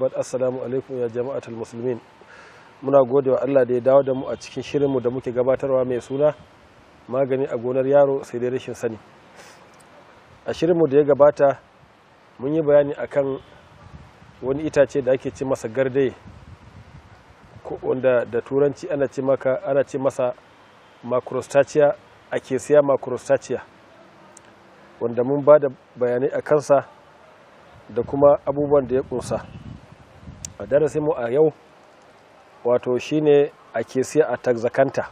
Bad assalamu alaikum ya jama'atul musulmin. Muna gode wa Allah da ya dawo da mu a cikin shirin shirinmu da muke gabatarwa mai suna magani a gonar yaro sai dai rashin sani. A shirin mu da ya gabata mun yi bayani akan wani itace da ake ce masa gardaye wanda da turanci ana ce maka ana ce masa macrostachia ake siya macrostachia wanda mun ba da bayanai a kansa da kuma abubuwan da ya kunsa. a darasin mu a yau wato shine a siya a tagzakanta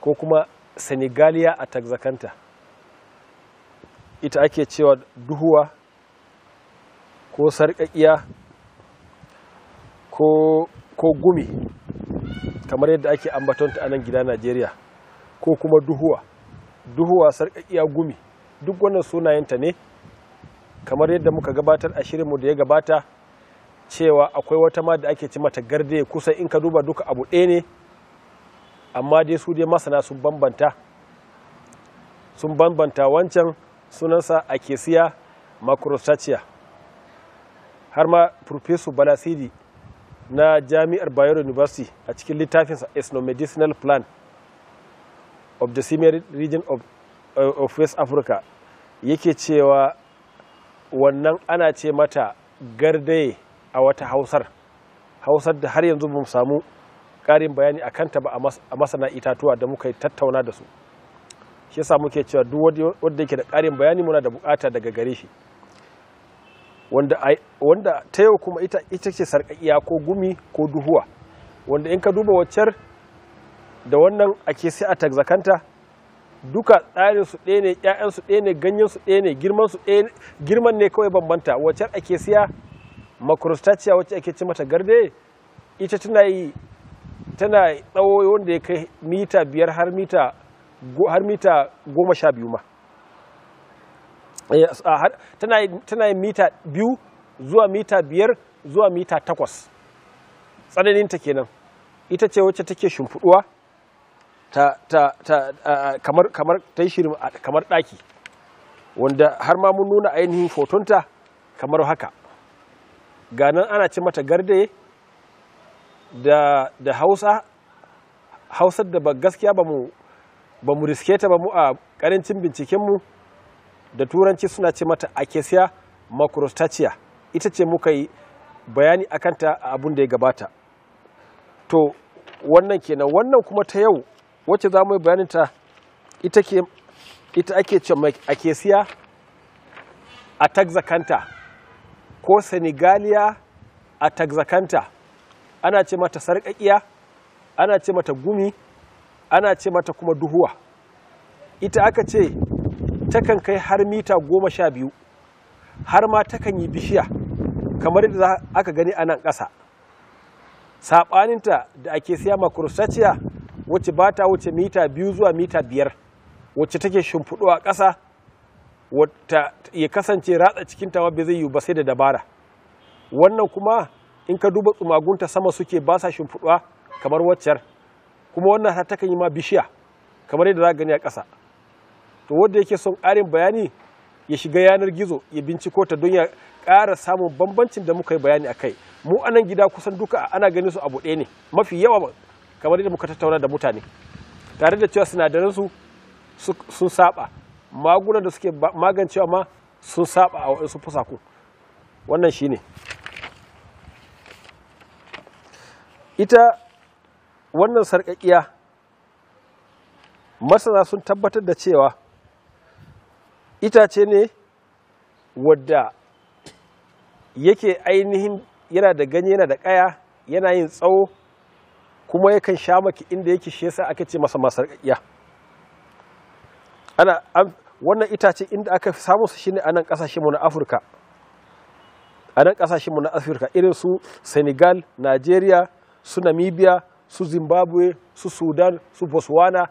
ko kuma senegalia a tagzakanta ita ake cewa duhuwa ko sarƙaƙiya ko, gumi kamar yadda ake ambatonta a nan gida najeriya ko kuma duhuwa duhuwa sarƙaƙiya gumi duk wannan sunayenta ne kamar yadda muka gabatar a shirinmu da ya gabata cewa akwai wata ma da ake ci mata garde kusa in ka duba duka abu ɗaya ne amma dai su dai masana sun bambanta sun bambanta wancan sunansa a siya macrostatia har ma professor balasidi na jami'ar bayero university a cikin littafinsa ethnomedicinal plan of the semi region of, uh, of west africa yake cewa wannan ana ce mata gardaye a wata hausar hausar da har yanzu ba mu samu ƙarin bayani a kanta ba a masana itatuwa da muka yi tattauna da su shi yasa muke cewa duk wanda yake da ƙarin bayani muna da bukata daga gare shi wanda ta yau kuma ita ita ce sarƙaƙiya ko gumi ko duhuwa wanda in ka duba waccar da wannan ake sai a tagzakanta duka tsarin su ɗaya ne ƴaƴan su ɗaya ne ganyen su ɗaya ne girman su girman ne kawai bambanta waccar ake siya macrostatia wacce ake ce mata garde ita tana yi tana tsawo wanda ya kai mita biyar har mita har mita goma sha biyu ma eh, tana yi mita biyu zuwa mita biyar zuwa mita takwas tsananinta kenan ita ce wacce take shimfiɗuwa ta, ta, ta kamar, yi kamar ɗaki wanda har ma mun nuna ainihin fotonta kamar haka ganin ana ce mata garde da, da hausa hausar da ba gaskiya ba mu ba mu riske ta ba mu a karancin bincikenmu da turanci suna ce mata acacia macrostachia ita ce muka yi bayani akanta a abun da ya gabata to wannan kenan wannan kuma ta yau wacce za mu yi bayaninta ita, ake ita ake ce taxa kanta? ko senegalia a tagzakanta ana ce mata sarƙaƙiya ana ce mata gumi ana ce mata kuma duhuwa ita aka ce takan kai har mita goma sha biyu har ma takan yi bishiya kamar yadda aka gani a nan ƙasa saɓaninta da ake siya macrostatia wacce ba ta wuce mita biyu zuwa mita biyar wacce take shimfiɗo a ƙasa wata ya kasance ratsa cikin tawa bai zai yi ba sai da dabara wannan kuma in ka duba tsumagunta sama suke ba sa shimfiɗuwa kamar waccar kuma wannan ta takan yi ma bishiya kamar yadda za gani a ƙasa to wanda yake son ƙarin bayani ya shiga yanar gizo ya binciko ta don ya ƙara samun bambancin da muka yi bayani a kai mu anan gida kusan duka ana ganin su abu ɗaya ne mafi yawa kamar yadda muka tattauna da mutane tare da cewa sinadaransu sun saba magunan da suke magancewa ma sun saba a waɗansu fasaku wannan shi ne ita wannan sarƙaƙiya masana sun tabbatar da cewa itace ne wadda yake ainihin yana da ganye yana da ƙaya yana yin tsawo kuma yakan sha maki inda yake shi yasa aka ce masa masarƙaƙiya wannan itace inda aka fi samu su shine a nan mu na afirka a nan mu na afirka irin su senegal nigeria su namibia su zimbabwe su sudan su botswana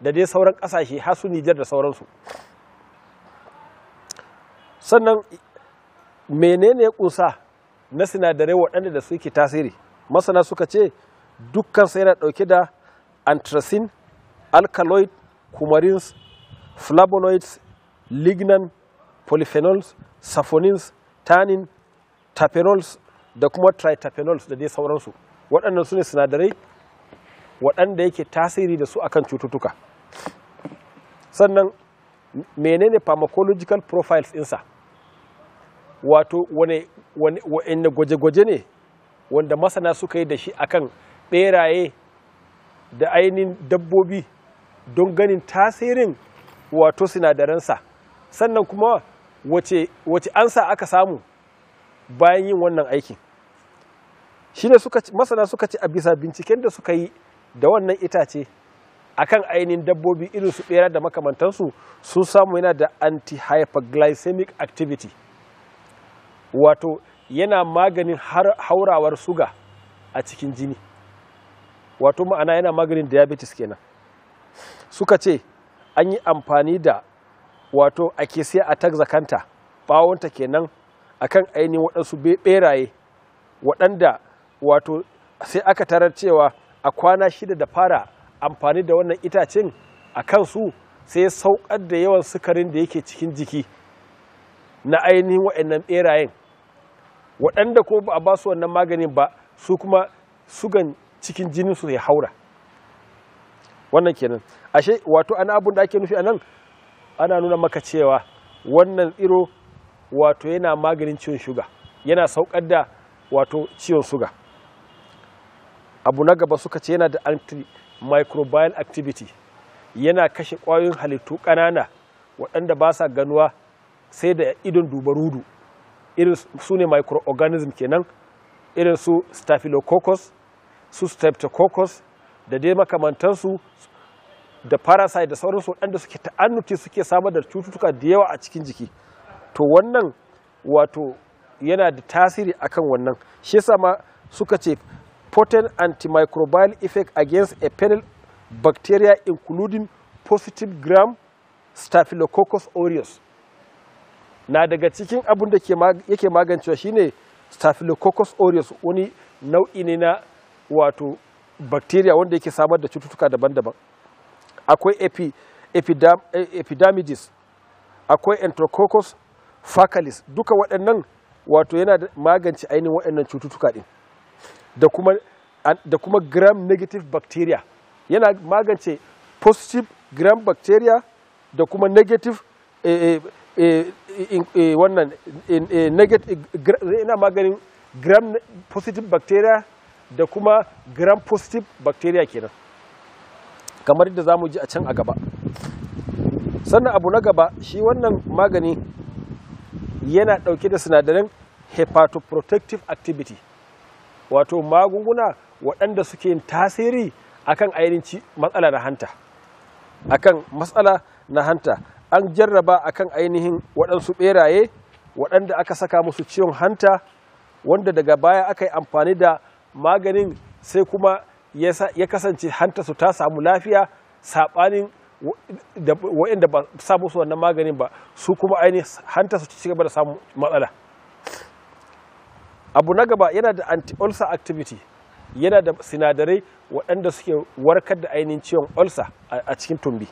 da dai sauran kasashe har su nijar da sauransu sannan menene kunsa na sinadarai waɗanda da suke tasiri masana suka ce dukkan sai yana ɗauke da anthracene alkaloid cumarins flavonoids lignan polyphenols saponins tannin tapenols da kuma triterpenols da dai sauransu waɗannan su ne sinadarai waɗanda yake tasiri da su akan cututtuka sannan menene pharmacological profiles insa wato wane wane gwaje-gwaje ne wanda masana suka yi da shi akan beraye da ainihin dabbobi don ganin tasirin wato sinadaransa sannan kuma wace ansa aka samu bayan yin wannan aikin shi suka masana suka ci a bisa binciken da suka yi da wannan itace akan ainihin dabbobi irin su bera da makamantansu sun samu yana da anti-hyperglycemic activity wato yana maganin haurawar suga a cikin jini wato ma'ana yana maganin diabetes kenan suka ce an yi amfani da wato ake sai a takzakanta bawonta kenan akan ainihin waɗansu beraye waɗanda wato sai aka tarar cewa a kwana shida da fara amfani da wannan itacen a kansu sai saukar da yawan sukarin da yake cikin jiki na ainihin waɗannan ɓerayen waɗanda ko ba a ba su wannan maganin ba su kuma sugan cikin jininsu ya haura wannan kenan ashe wato ana abun da ake nufi anan ana nuna maka cewa wannan tsiro wato yana maganin ciwon shuga yana saukar da wato ciwon suga abu na gaba suka ce yana da antimicrobial activity yana kashe kwayoyin halittu ƙanana waɗanda ba sa ganuwa sai da idon dubarudu irin su ne microorganism kenan irin su staphylococcus su streptococcus da dai makamantansu da parasite da sauransu waɗanda suke ta'annuti suke samar da cututtuka da yawa a cikin jiki to wannan wato yana da tasiri akan wannan shi yasa suka ce potent antimicrobial effect against a panel bacteria including positive gram staphylococcus aureus na daga cikin abin da yake magancewa shine staphylococcus aureus wani nau'i ne na wato bacteria wanda yake samar da cututtuka daban-daban akwai epi, epidam, e, epidermidis akwai enterococcus faculis duka waɗannan wato yana magance ainihin waɗannan cututtuka ɗin da kuma da kuma gram negative bacteria yana magance positive gram bacteria da kuma negative e, e, wannan negative yana maganin gram positive bacteria da kuma gram positive bacteria kenan kamar yadda za mu ji a can a gaba sannan abu na gaba shi wannan magani yana ɗauke da sinadarin hepatoprotective activity wato magunguna waɗanda suke yin tasiri akan ainihin matsala na hanta akan matsala na hanta an jarraba akan ainihin waɗansu ɓeraye waɗanda aka saka musu ciwon hanta wanda daga baya aka yi amfani da maganin sai kuma ya kasance hantarsu ta samu lafiya saɓanin da ba sa musu wannan maganin ba su kuma ainihin su ci gaba da samu matsala abu na gaba yana da anti-ulcer activity yana da sinadarai waɗanda suke warkar da ainihin ciwon ulcer a cikin tumbi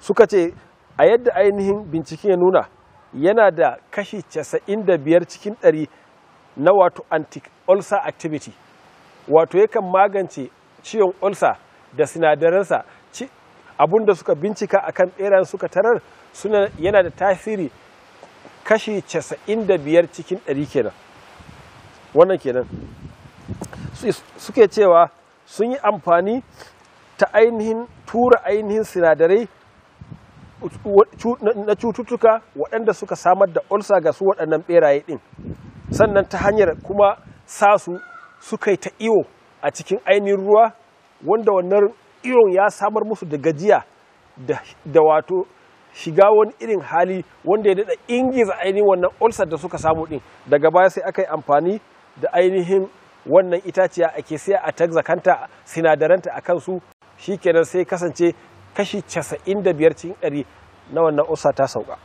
suka ce a yadda ainihin bincike ya nuna yana da kashi 95 cikin 100 na wato ulcer activity wato yakan magance ciwon ulcer da sinadaransa abunda suka bincika akan beran suka tarar suna yana da tasiri kashi 95 cikin 100 kenan wannan kenan suke cewa sun yi amfani ta ainihin tura ainihin sinadarai na cututtuka waɗanda suka samar da ulcer ga su waɗannan ɓeraye ɗin sannan ta hanyar kuma sa su suka yi ta iyo a cikin ainihin ruwa wanda wannan iyon ya samar musu da gajiya da wato shiga wani irin hali wanda ya daɗa ingiza ainihin wannan ulcer da suka samu ɗin daga baya sai aka yi amfani da ainihin wannan itaciya ake siya a tagzakanta sinadaranta a kansu shi kenan sai kasance kashi 95 cikin ɗari na wannan ulcer ta sauka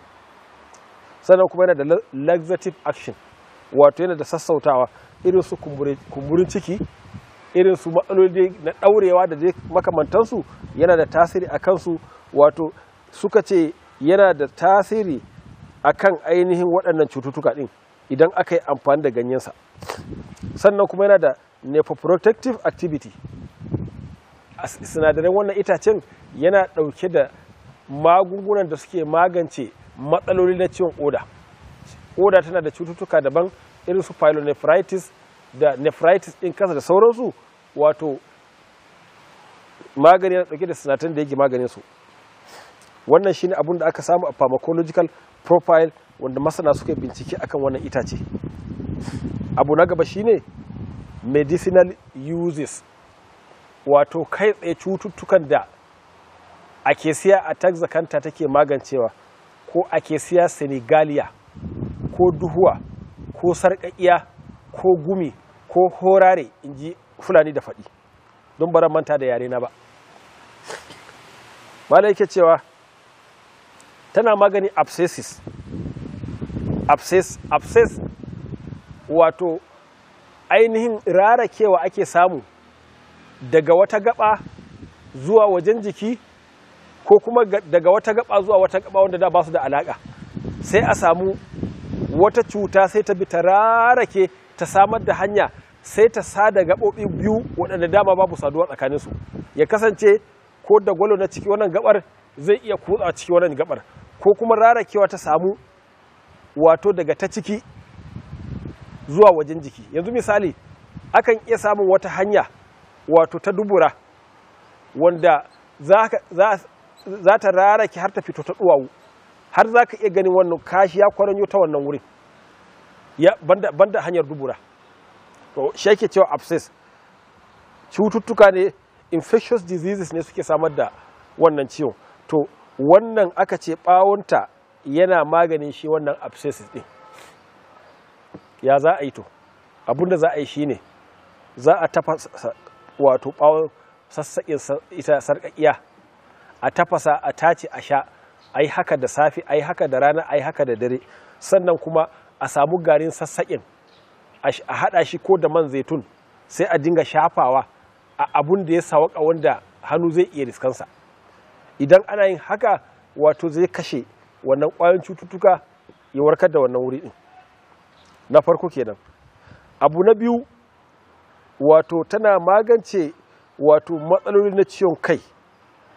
sannan kuma yana da laxative action wato yana da sassautawa irin su kumburin ciki irin su matsaloli na ɗaurewa da makamantansu yana da tasiri a kansu wato suka ce yana da tasiri a kan ainihin waɗannan cututtuka ɗin idan aka yi amfani da ganyensa sannan kuma yana da nephroprotective activity a sinadaran wannan itacen yana ɗauke da magungunan da suke magance matsaloli na ciwon oda oda tana da cututtuka daban irin su pylonephritis da nephritis in kasa da sauransu wato magani yana dauke da sinatan da yake maganin su wannan shine abun da aka samu a pharmacological profile wanda masana suka bincike akan wannan itace abu na gaba shine medicinal uses wato kai tsaye cututtukan da siya a kanta take magancewa ko siya senegalia ko duhuwa ko sarƙaƙiya ko gumi ko horare in ji fulani da faɗi don baran manta da yare na ba malai yake cewa tana magani abscesses abscess abscess wato ainihin rarakewa ake samu daga wata gaba zuwa wajen jiki ko kuma daga wata gaba zuwa wata gaba wanda da ba su da alaƙa sai a samu wata cuta sai ta bi ta rarake ta samar da hanya sai ta sa sada gaɓoɓi biyu waɗanda dama babu saduwa tsakanin su. ya kasance ko da gwalo na ciki wannan gabar zai iya kutsa ciki wannan gabar ko kuma rarakewa ta samu wato daga ta ciki zuwa wajen jiki yanzu misali akan iya samun wata hanya wato ta dubura wanda za ta rarake har ta fito ta ɗuwawu. har za ka iya ganin wannan kashi ya kwaranyo ta wannan wurin ya banda, hanyar dubura to shi yake cewa abscess cututtuka ne infectious diseases ne suke samar da wannan ciwon to wannan aka ce bawonta yana maganin shi wannan abscess din ya za a yi to abinda za a yi shine za a tafasa wato bawon sassaƙin ita sarƙaƙiya a tafasa a tace a sha ai haka da safi ai haka da rana ai haka da dare sannan kuma a samu garin sassaƙin a haɗa shi ko da man zaitun sai a dinga shafawa a abun da ya sawaka wanda hannu zai iya riskansa idan ana yin haka wato zai kashe wannan ƙwayoyin cututtuka ya warkar da wannan wuri ɗin na farko kenan abu na biyu wato tana magance wato matsaloli na ciwon kai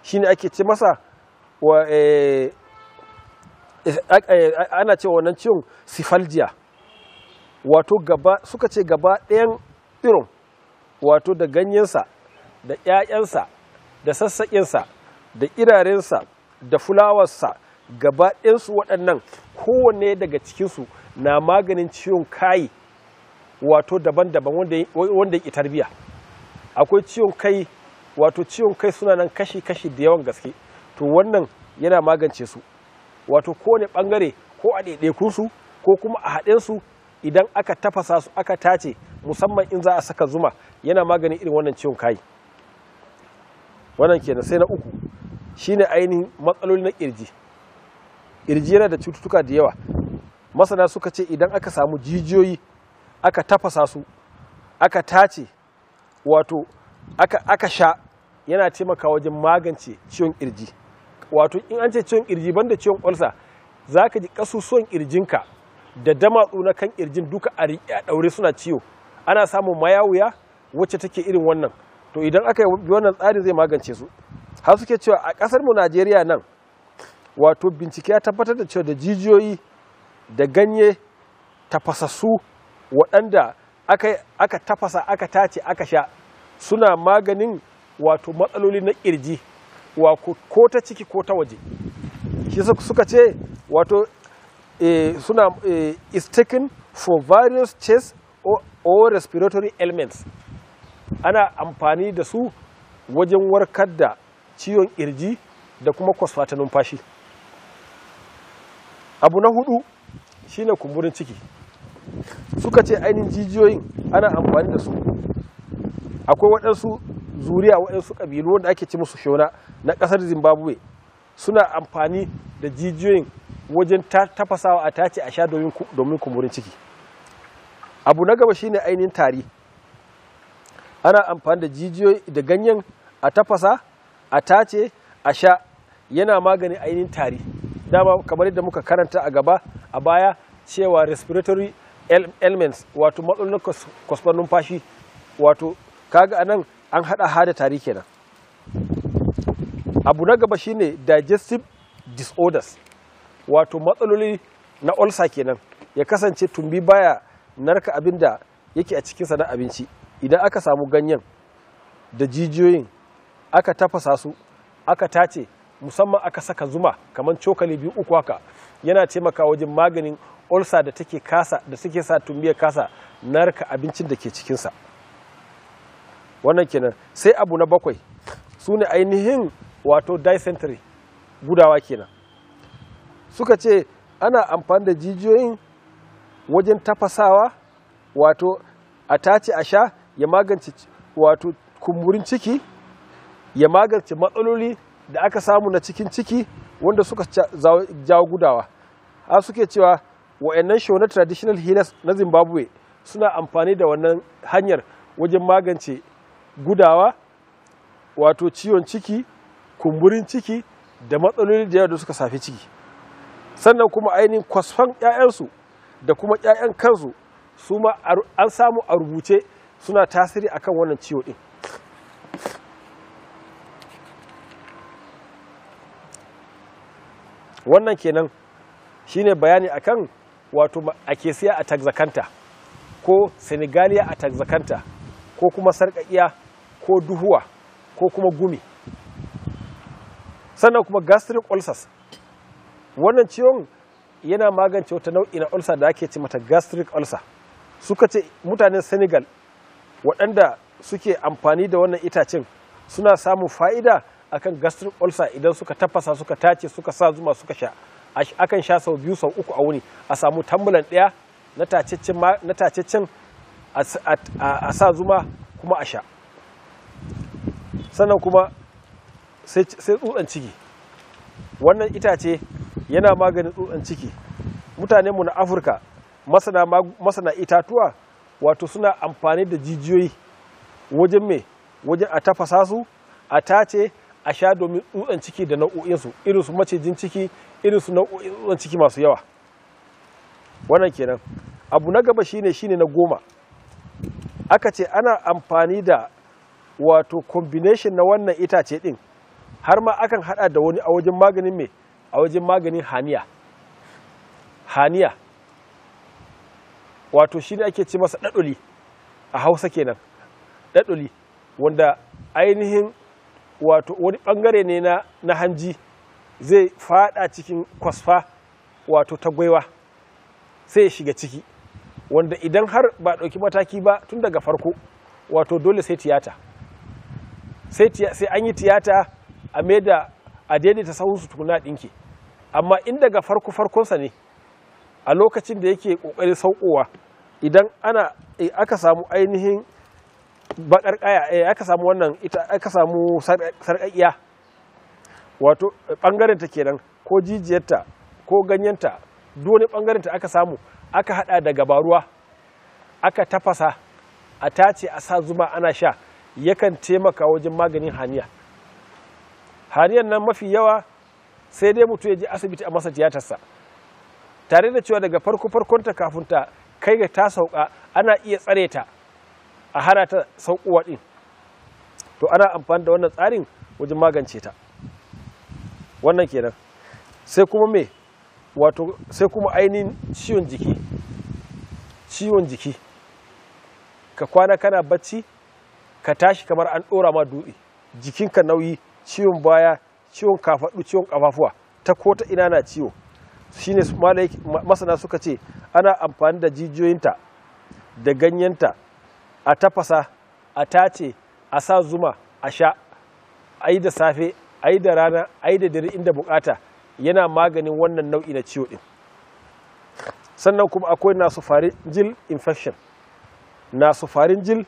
shine ake ce masa wa eh, eh, eh, ana cewa wannan ciwon sifaljiya wato gaba suka ce gaba ɗayan irin wato da ganyensa da ‘ya'yansa da sassaƙinsa da irarensa da fulawarsa gaba ɗayansu waɗannan kowanne daga cikinsu na maganin ciwon kai wato daban-daban wanda ya ƙi tarbiya akwai ciwon kai wato ciwon kai suna nan kashi-kashi da yawan gaske to wannan yana magance su wato kowane ɓangare ko a su ko kuma a su idan aka tafasa su aka tace musamman in za a saka zuma yana maganin irin wannan ciwon kai wannan kenan sai na uku shine ainihin matsaloli na kirji kirji yana da cututtuka da yawa masana suka ce idan aka samu jijiyoyi aka tafasa su aka tace wato aka, aka sha yana taimaka wajen magance ciwon kirji wato in an ce ciwon kirji banda ciwon kwalsa za ka ji ƙasusuwan kirjinka da damatsu na kan ƙirjin duka a ɗaure suna ciwo ana samun mayawuya wacce take irin wannan to idan aka yi wannan tsarin zai magance su har suke cewa a ƙasar mu Najeriya nan wato bincike ya tabbatar da cewa da jijiyoyi da ganye tafasassu waɗanda aka tafasa aka tace aka sha suna maganin wato matsaloli na ƙirji uwa ko ta ciki ko ta waje shi suka ce wato eh, suna eh, is taken for various chest or respiratory elements. ana amfani da su wajen warkar da ciwon ƙirji da kuma kwasfata numfashi abu na hudu shine kumburin ciki suka ce ainihin jijiyoyin ana amfani da su akwai waɗansu zuriya waɗansu ƙabilu wanda ake ce musu shona na ƙasar zimbabwe suna amfani da jijiyoyin wajen tafasawa a tace a sha domin kumburin ciki abu na gaba shine ainihin tari ana amfani da jijiyoyi da ganyen a tafasa a tace a sha yana magani ainihin tari dama kamar yadda muka karanta a gaba a baya cewa respiratory elements wato matsalolin kwasfar numfashi wato kaga anan an hada hada tari kenan abu na gaba shine digestive disorders wato matsaloli na ulcer kenan ya kasance tumbi baya narka abin da yake a cikinsa na abinci idan aka samu ganyen da jijiyoyin aka tafasa su aka tace musamman aka saka zuma kamar cokali biyu uku haka yana taimaka wajen maganin ulcer da take kasa da suke sa tumbi ya kasa narka abincin da ke cikinsa wannan kenan sai abu na bakwai su ne ainihin wato dysentery gudawa kenan suka ce ana amfani da jijiyoyin wajen tafasawa wato a tace a sha ya magance wato kumburin ciki ya magance matsaloli da aka samu na cikin ciki wanda suka jawo gudawa a suke cewa wa'annan show na traditional healers na zimbabwe suna amfani da wannan hanyar wajen magance gudawa wato ciwon ciki kumburin ciki da matsaloli da da suka safi ciki sannan kuma ainihin kwasfan 'ya'yansu da kuma 'ya'yan kansu su ma an samu a rubuce suna tasiri akan wannan ciwo ɗin wannan kenan shine bayani akan wato akesiya a taxacanta ko senegalia a taxacanta ko kuma sarƙaƙiya ko duhuwa ko kuma gumi sannan kuma gastric ulcers wannan ciwon yana magance wata nau'i na ulcer da ake ce mata gastric ulcer suka ce mutanen senegal waɗanda suke amfani da wannan itacen suna samun fa'ida akan gastric ulcer idan suka tafasa suka tace suka sa zuma suka sha akan sha sau biyu sau uku a wuni a samu tambulan ɗaya na tacecin a sa zuma kuma a sha sannan kuma sai tsutsan ciki wannan itace yana maganin tsutsan ciki mutanenmu na afirka masana, itatuwa wato suna amfani da jijiyoyi wajen me wajen a tafasa su a tace a sha domin tsutsan ciki da nau'o'insu irin su macijin ciki irin su nau'o'in tsutsan ciki masu yawa wannan kenan abu na gaba shine shine na goma aka ce ana amfani da wato combination na wannan itace din har ma akan hada da wani a wajen maganin me a wajen maganin haniya haniya wato shi ne ake ce masa ɗaɗuli a hausa kenan ɗaɗuli wanda ainihin wato wani bangare ne na, na hanji zai fada cikin kwasfa wato ta gwaiwa sai ya shiga ciki wanda idan har ba dauki mataki ba tun daga farko wato dole sai tiyata sai an yi tiyata a mai da a daidaita sahun tukuna ɗinki amma in daga farko farkonsa ne a lokacin da yake ƙoƙarin saukowa idan ana e, aka samu ainihin bakar kaya e, aka samu wannan ita aka samu sarƙaƙiya wato e, ɓangaren ta kenan ko jijiyarta ko ganyenta dole ɓangaren ta aka samu aka haɗa da gabaruwa aka tafasa a tace a sa zuma ana sha yakan taimaka wajen maganin haniya haniyan nan mafi yawa sai dai mutum ya je asibiti a masa tiyatarsa tare da cewa daga farko farkonta kafin ta kai ga ta sauka ana iya tsare ta a hana ta saukowa din to ana amfani da wannan tsarin wajen magance ta wannan kenan sai kuma me wato sai kuma ainihin ciwon jiki ciwon jiki ka kwana kana bacci ka tashi kamar an ɗora ma dutse jikinka nauyi ciwon baya ciwon kafaɗu ciwon kafafuwa ta kota ina na ciwo shine masana suka ce ana amfani da jijiyoyinta da ganyenta a tafasa a tace a sa zuma a sha a yi da safe a yi da rana a yi da dare inda bukata yana maganin wannan nau'i na ciwo din. sannan kuma akwai nasu farinjil infection nasu farinjil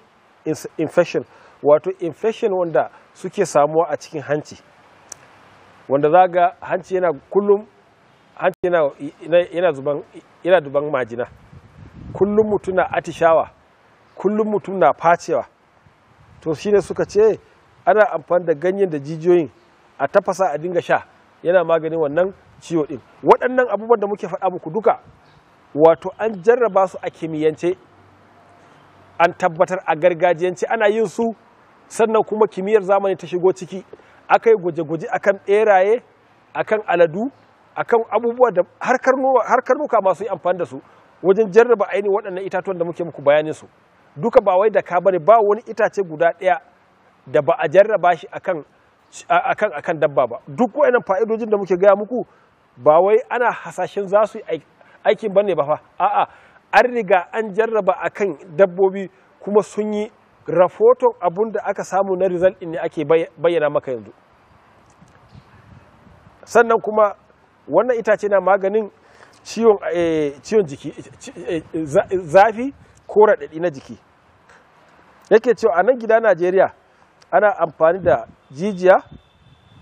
infection wato infection wanda suke samuwa a cikin hanci wanda za ga hanci yana kullum hanci yana, zuban, majina kullum mutum na atishawa kullum mutum na facewa to shi ne suka ce ana amfani da ganyen da jijiyoyin a tafasa a dinga sha yana maganin wannan ciwo din waɗannan abubuwan da muke faɗa muku duka wato an jarraba su a kimiyyance an tabbatar a gargajiyanci ana yin su sannan kuma kimiyyar zamani ta shigo ciki aka yi gwaje-gwaje akan beraye akan aladu akan abubuwa da har karnuka masu yi amfani da su wajen jarraba ainihin waɗannan itatuwan da muke muku bayanin su duka ba wai da ka bane ba wani itace guda ɗaya da ba a jarraba shi akan akan akan dabba ba duk wayannan fa'idojin da muke gaya muku ba wai ana hasashen za su yi aikin bane ba fa a'a an riga an jarraba akan dabbobi kuma sun yi rahoton abun da aka samu na result ne ake bayyana maka yanzu sannan kuma wannan itace na maganin ciwon eh, jiki eh, zafi ko raɗaɗi na jiki yake cewa a nan gida najeriya ana amfani da jijiya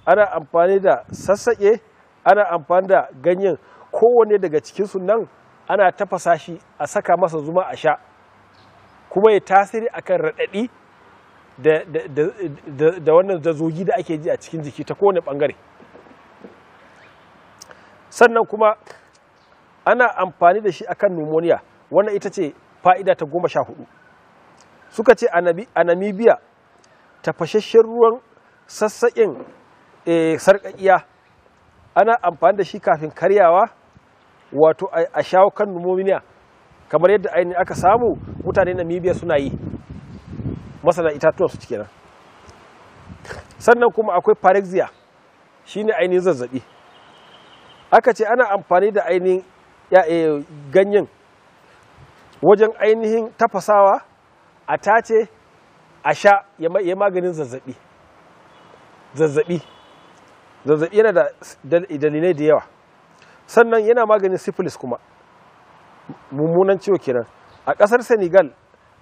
ana amfani da sassaƙe ana amfani da ganyen kowane daga cikinsu nan ana tafasa shi a saka masa zuma a sha kuma ya tasiri akan raɗaɗi da wannan zazogi da ake ji a cikin jiki ta kowane ɓangare sannan kuma ana amfani da shi a kan pneumonia wannan ita ce fa'ida ta goma sha hudu suka ce a namibia tafashashen ruwan sassaƙin eh, sarƙaƙiya ana amfani da shi kafin karyawa wato a shawo kan numomiya kamar yadda ainihin aka samu mutane namibia suna yi masana itatuwa su nan sannan kuma akwai shi shine ainihin zazzabi aka ce ana amfani da ainihin eh, ganyen wajen ainihin tafasawa a tace a sha ya maganin zazzabi zazzabi zazzabi yana da dalilai da yawa sannan yana maganin syphilis kuma mummunan ciwo kenan a ƙasar senegal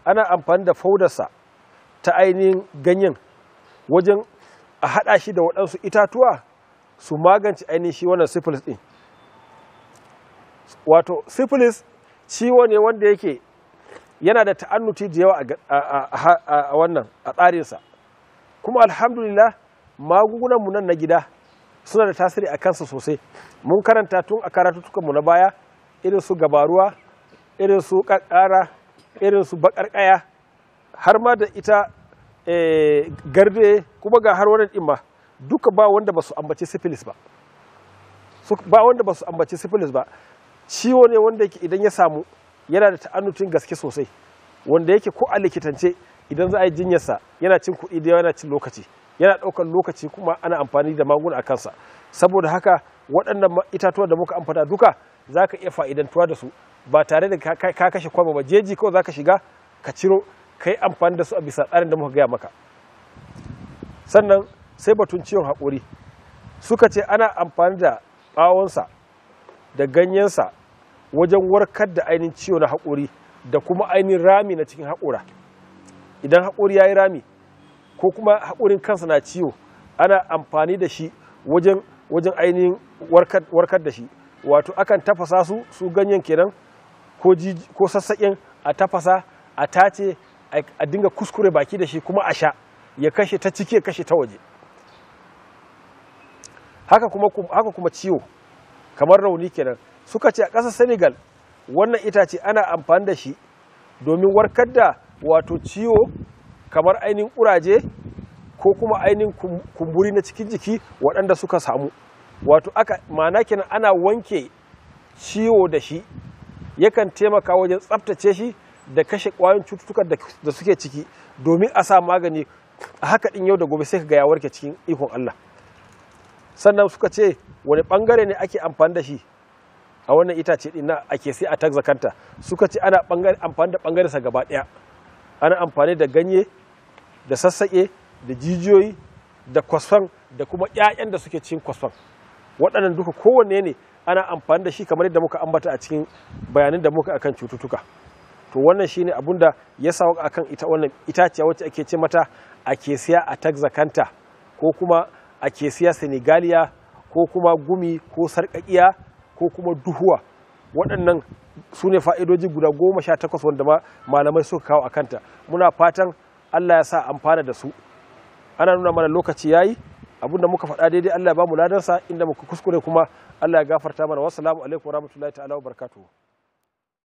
ana amfani da faudarsa ta ainihin ganyen wajen a haɗa shi da waɗansu itatuwa su magance ainihin shi wannan syphilis ɗin wato syphilis ciwo ne wanda yake yana da ta'annuti da yawa a wannan a tsarinsa kuma alhamdulillah magungunan mu nan na gida suna da tasiri a kansa sosai mun karanta tun a mu na baya irin su gabaruwa irin su kakara irin su bakarkaya har ma da ita eh, garde kuma ga har wani ma duka ba wanda ba su ambaci syphilis ba ba wanda ba su ambaci syphilis ba ciwo ne wanda yake idan ya samu yana da ta'annutin gaske sosai wanda yake ko a likitance idan za a yi jinyarsa yana cin kuɗi da yana cin lokaci yana ɗaukar lokaci kuma ana amfani da magunguna a kansa saboda haka waɗannan itatuwa da muka amfana duka za ka iya fa'idantuwa da su ba tare da ka kashe kwaba ba jeji kawai za ka shiga ka ciro ka yi amfani da su a bisa tsarin da muka gaya maka sannan sai batun ciwon haƙori suka ce ana amfani da ɓawonsa da ganyensa wajen warkar da ainihin ciwo na haƙori da kuma ainihin rami na cikin haƙora idan haƙori ya yi rami ko kuma haƙurin kansa na ciwo ana amfani da shi wajen wajen ainihin warkar da shi wato akan tafasa su su ganyen kenan ko ko sassaƙin a tafasa a tace a dinga kuskure baki da shi kuma a sha ya kashe ta ciki ya kashe ta waje haka kuma haka kuma ciwo kamar rauni kenan suka ce a ƙasar Senegal wannan itace ana amfani da shi domin warkar da wato ciwo kamar ainihin ƙuraje ko kuma ainihin kumburi na cikin jiki waɗanda suka samu wato aka ma'ana kenan ana wanke ciwo da shi yakan taimaka wajen tsaftace shi da kashe ƙwayoyin cututtuka da suke ciki domin a sa magani a haka ɗin yau da gobe sai ka ga ya warke cikin ikon Allah sannan suka ce wani ɓangare ne ake amfani da shi a wannan itace ɗin na ake sai a tagza kanta suka ce ana amfani da ɓangare sa gaba ɗaya ana amfani da ganye da sassaƙe da jijiyoyi da kwasfan da kuma 'ya'yan da suke cikin kwasfan waɗannan duka kowanne ne ana amfani da shi kamar yadda muka ambata a cikin bayanin da muka akan cututtuka to wannan shine abun da ya sa akan ita wannan itaciya wacce ake ce mata a siya a taxacanta ko kuma a siya senegalia ko kuma gumi ko sarƙaƙiya ko kuma duhuwa waɗannan su ne fa'idoji guda goma sha takwas wanda malamai suka kawo a kanta muna fatan allah ya sa amfana da su ana nuna mana lokaci yayi yi muka faɗa daidai allah ya ba mu ladansa inda muka kuskure kuma allah ya gafarta mana wasu alaikum warahmatullahi ta'ala wa barakatuhu